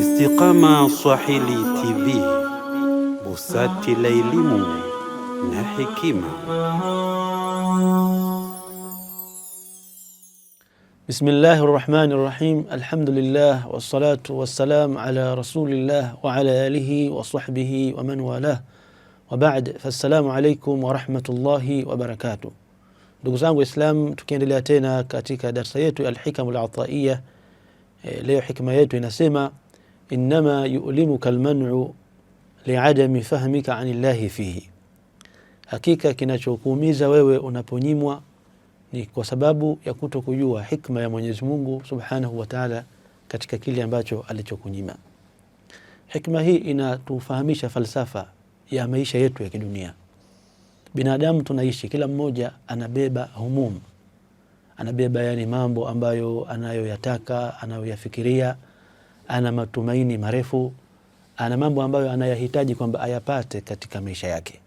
Istiqama Swahili TV, busati la elimu na hekima. Bismillahi rahmani rahim. Alhamdulillah wassalatu wassalam ala rasulillah wa ala alihi wa sahbihi wa man walah wa ba'd. Fassalamu alaikum wa rahmatullahi wa barakatuh. Ndugu zangu Waislamu, tukiendelea tena katika darsa yetu alhikamu alataiya. E, eh, leo hikma yetu inasema innama yulimuka almanu liadami fahmika an illahi fihi, hakika kinachokuumiza wewe unaponyimwa ni kwa sababu ya kuto kujua hikma ya Mwenyezi Mungu subhanahu wa taala katika kile ambacho alichokunyima. Hikma hii inatufahamisha falsafa ya maisha yetu ya kidunia. Binadamu tunaishi, kila mmoja anabeba humum, anabeba yani mambo ambayo anayoyataka, anayoyafikiria, ana matumaini marefu, ana mambo ambayo anayahitaji kwamba ayapate katika maisha yake.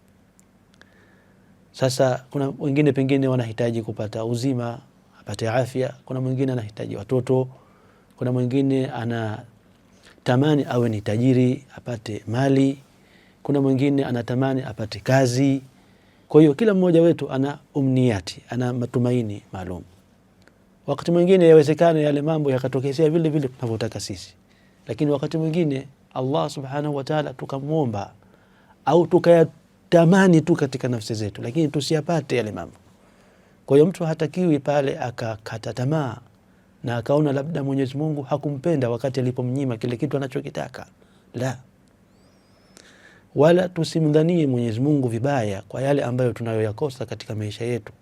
Sasa kuna wengine pengine wanahitaji kupata uzima, apate afya. Kuna mwingine anahitaji watoto. Kuna mwingine anatamani awe ni tajiri, apate mali. Kuna mwingine anatamani apate kazi kwa hiyo kila mmoja wetu ana umniati, ana matumaini maalum. Wakati mwingine yawezekana yale mambo yakatokezea vile vile tunavyotaka sisi, lakini wakati mwingine Allah subhanahu wa ta'ala tukamwomba au tukayatamani tu katika nafsi zetu, lakini tusiyapate yale mambo. Kwa hiyo mtu hatakiwi pale akakata tamaa na akaona labda Mwenyezi Mungu hakumpenda wakati alipomnyima kile kitu anachokitaka la wala tusimdhanie Mwenyezi Mungu vibaya kwa yale ambayo tunayoyakosa katika maisha yetu,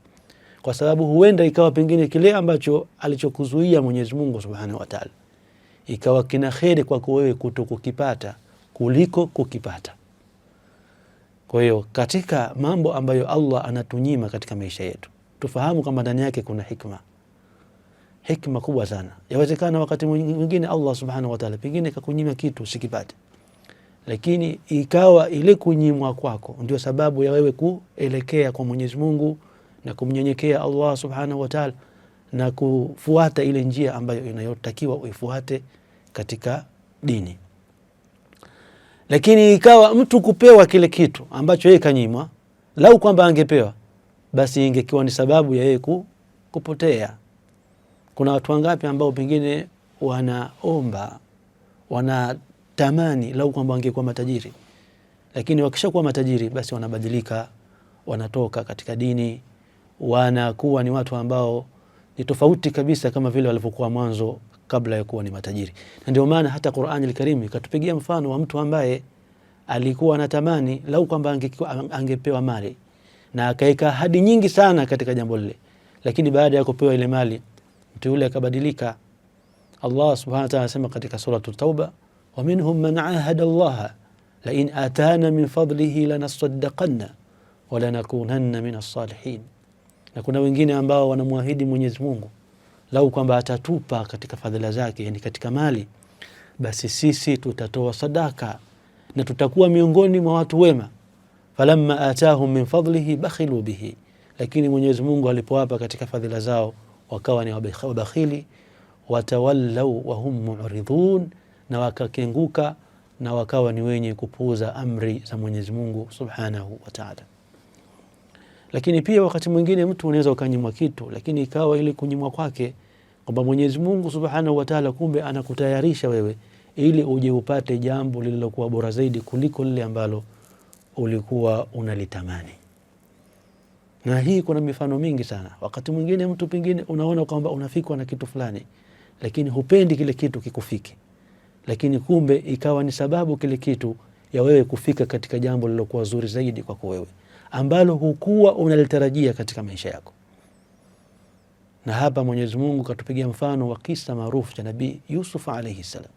kwa sababu huenda ikawa pengine kile ambacho alichokuzuia Mwenyezi Mungu Subhanahu wataala ikawa kina kheri kwako wewe kuto kukipata kuliko kukipata. Kwa hiyo katika mambo ambayo Allah anatunyima katika maisha yetu, tufahamu kwamba ndani yake kuna hikma, hikma kubwa sana. Yawezekana wakati mwingine Allah Subhanahu wataala pengine kakunyima kitu usikipate lakini ikawa ile kunyimwa kwako ndio sababu ya wewe kuelekea kwa Mwenyezi Mungu na kumnyenyekea Allah Subhanahu wa Ta'ala na kufuata ile njia ambayo inayotakiwa uifuate katika dini. Lakini ikawa mtu kupewa kile kitu ambacho yeye kanyimwa, lau kwamba angepewa basi ingekiwa ni sababu ya yeye ku, kupotea. Kuna watu wangapi ambao pengine wanaomba wana wanatamani lau kwamba wangekuwa matajiri, lakini wakishakuwa matajiri basi wanabadilika, wanatoka katika dini, wanakuwa ni watu ambao ni tofauti kabisa kama vile walivyokuwa mwanzo kabla ya kuwa ni matajiri. Na ndio maana hata Qur'an al-Karim ikatupigia mfano wa mtu ambaye alikuwa anatamani lau kwamba angepewa mali na akaweka ahadi nyingi sana katika jambo lile, lakini baada ya kupewa ile mali mtu yule akabadilika. Allah subhanahu wa ta'ala anasema katika suratul Tauba ومنهم من عاهد الله لئن آتانا من fadlihi lanasaddaqanna walanakunanna min alsalihin, na kuna wengine ambao wanamwahidi Mwenyezi Mungu lau kwamba atatupa katika fadhila zake, yani katika mali, basi sisi tutatoa sadaka na tutakuwa miongoni mwa watu wema. Falamma atahum min fadlihi bakhilu bihi, lakini Mwenyezi Mungu alipowapa katika fadhila zao wakawa ni wabakhili. Watawallau wahum muridhun na wakakenguka na wakawa ni wenye kupuuza amri za Mwenyezi Mungu Subhanahu wa Ta'ala. Lakini pia wakati mwingine mtu unaweza ukanyimwa kitu, lakini ikawa ile kunyimwa kwake kwamba Mwenyezi Mungu Subhanahu wa Ta'ala kumbe anakutayarisha wewe ili uje upate jambo lililokuwa bora zaidi kuliko lile ambalo ulikuwa unalitamani. Na hii kuna mifano mingi sana. Wakati mwingine mtu pengine unaona kwamba unafikwa na kitu fulani, lakini hupendi kile kitu kikufike lakini kumbe ikawa ni sababu kile kitu ya wewe kufika katika jambo lilokuwa zuri zaidi kwako wewe ambalo hukuwa unalitarajia katika maisha yako. Na hapa Mwenyezi Mungu katupigia mfano wa kisa maarufu cha Nabii Yusuf alaihi salam,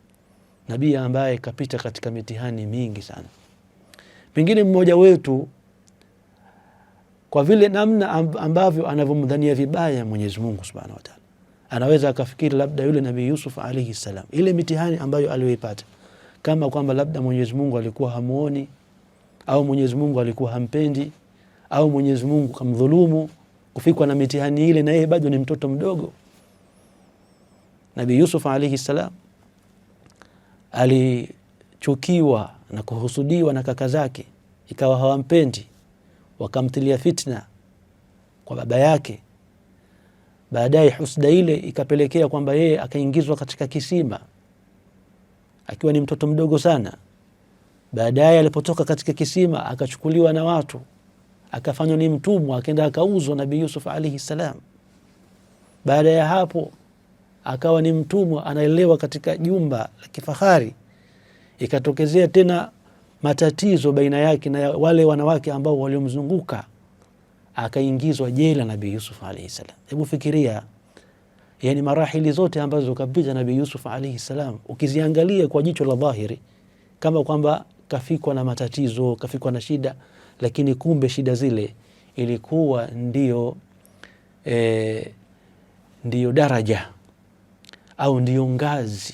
nabii ambaye kapita katika mitihani mingi sana. Pengine mmoja wetu kwa vile namna ambavyo anavyomdhania vibaya Mwenyezi Mungu subhanahu wataala anaweza akafikiri labda yule Nabii Yusuf alaihi salam, ile mitihani ambayo aliyoipata, kama kwamba labda Mwenyezi Mungu alikuwa hamuoni au Mwenyezi Mungu alikuwa hampendi au Mwenyezi Mungu kamdhulumu kufikwa na mitihani ile, na yeye bado ni mtoto mdogo. Nabii Yusuf alaihi salam alichukiwa na kuhusudiwa na kaka zake, ikawa hawampendi, wakamtilia fitna kwa baba yake Baadaye husda ile ikapelekea kwamba yeye akaingizwa katika kisima akiwa ni mtoto mdogo sana. Baadaye alipotoka katika kisima akachukuliwa na watu akafanywa ni mtumwa, akaenda akauzwa Nabii Yusuf alaihi salam. Baada ya hapo akawa ni mtumwa, anaelewa katika jumba la kifahari. Ikatokezea tena matatizo baina yake na wale wanawake ambao waliomzunguka akaingizwa jela nabi Yusuf alaihi salam. Hebu fikiria, yani marahili zote ambazo kapita Nabi Yusuf alaihi salam, ukiziangalia kwa jicho la dhahiri kama kwamba kafikwa na matatizo, kafikwa na shida, lakini kumbe shida zile ilikuwa ndio e, ndiyo daraja au ndiyo ngazi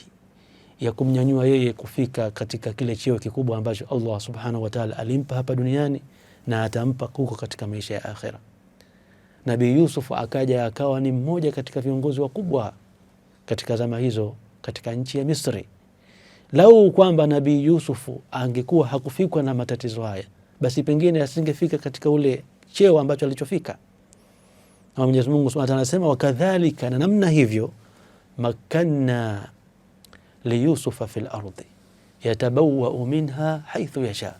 ya kumnyanyua yeye kufika katika kile cheo kikubwa ambacho Allah subhanahu wa ta'ala alimpa hapa duniani na atampa kuko katika maisha ya akhira. Nabi Yusuf akaja akawa ni mmoja katika viongozi wakubwa katika zama hizo katika nchi ya Misri. Lau kwamba nabi Yusufu angekuwa hakufikwa na matatizo haya, basi pengine asingefika katika ule cheo ambacho alichofika. Na Mwenyezi Mungu Subhanahu anasema wakadhalika, na namna hivyo makanna liyusufa fi lardhi yatabawau minha haithu yasha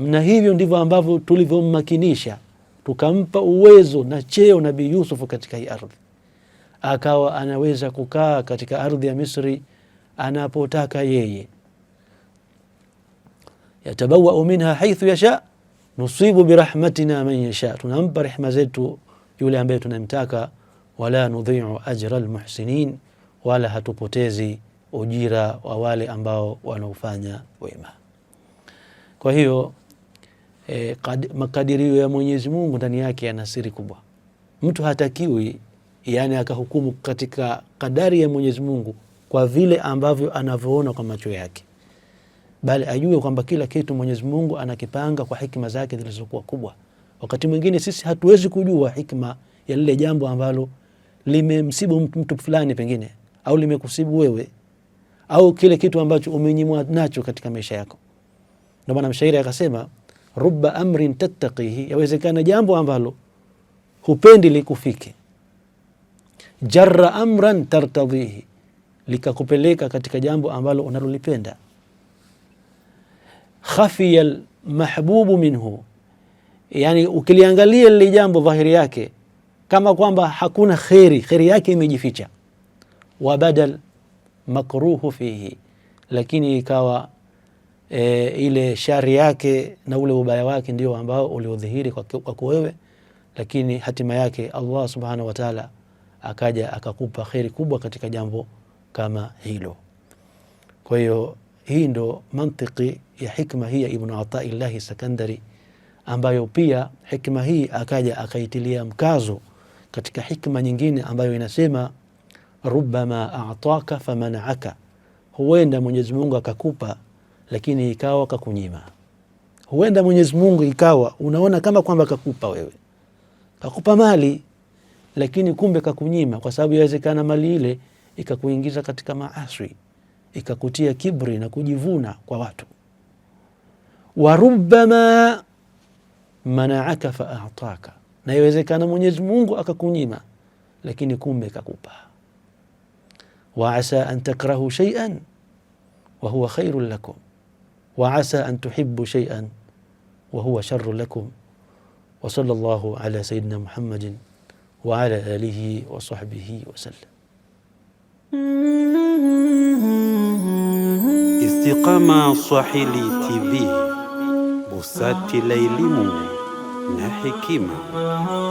na hivyo ndivyo ambavyo tulivyommakinisha tukampa uwezo na cheo Nabii Yusuf katika hii ardhi, akawa anaweza kukaa katika ardhi ya Misri anapotaka yeye. yatabawau minha haithu yasha nusibu birahmatina man yasha, tunampa rehma zetu yule ambaye tunamtaka. Wala nudhiu ajra almuhsinin, wala hatupotezi ujira wa wale ambao wanaofanya wema. Kwa hiyo eh, kad, makadirio ya Mwenyezi Mungu ndani yake yana siri kubwa. Mtu hatakiwi yani akahukumu katika kadari ya Mwenyezi Mungu kwa vile ambavyo anavyoona kwa macho yake, bali ajue kwamba kila kitu Mwenyezi Mungu anakipanga kwa hikima zake zilizokuwa kubwa. Wakati mwingine sisi hatuwezi kujua hikma ya lile jambo ambalo limemsibu mtu fulani pengine au limekusibu wewe au kile kitu ambacho umenyimwa nacho katika maisha yako. Ndio maana mshairi akasema ruba amrin tattaqihi, yawezekana jambo ambalo hupendi likufike. Jarra amran tartadhihi, likakupeleka katika jambo ambalo unalolipenda. Khafiya almahbubu minhu, yani ukiliangalia lile jambo dhahiri yake kama kwamba hakuna kheri, kheri yake imejificha. Wabadal makruhu fihi, lakini ikawa e, ile shari yake na ule ubaya wake ndio ambao uliodhihiri kwako wewe, lakini hatima yake Allah subhanahu wa ta'ala akaja akakupa kheri kubwa katika jambo kama hilo. Kwa hiyo hii ndo mantiki ya hikma hii ya Ibn Ataillahi Sakandari, ambayo pia hikma hii akaja akaitilia mkazo katika hikma nyingine ambayo inasema rubbama ataka famanaaka, huenda Mwenyezi Mungu akakupa lakini ikawa kakunyima. Huenda Mwenyezi Mungu ikawa unaona kama kwamba kakupa wewe, kakupa mali, lakini kumbe kakunyima, kwa sababu yawezekana mali ile ikakuingiza katika maaswi, ikakutia kibri na kujivuna kwa watu. Warubama manaaka faataka, na iwezekana Mwenyezi Mungu akakunyima, lakini kumbe kakupa. Wa asa an takrahu shay'an wahuwa khairun lakum وعسى أن تحبوا شيئا وهو شر لكم وصلى الله على سيدنا محمد وعلى آله وصحبه وسلم Istiqama Swahili TV, busati la elimu na hekima.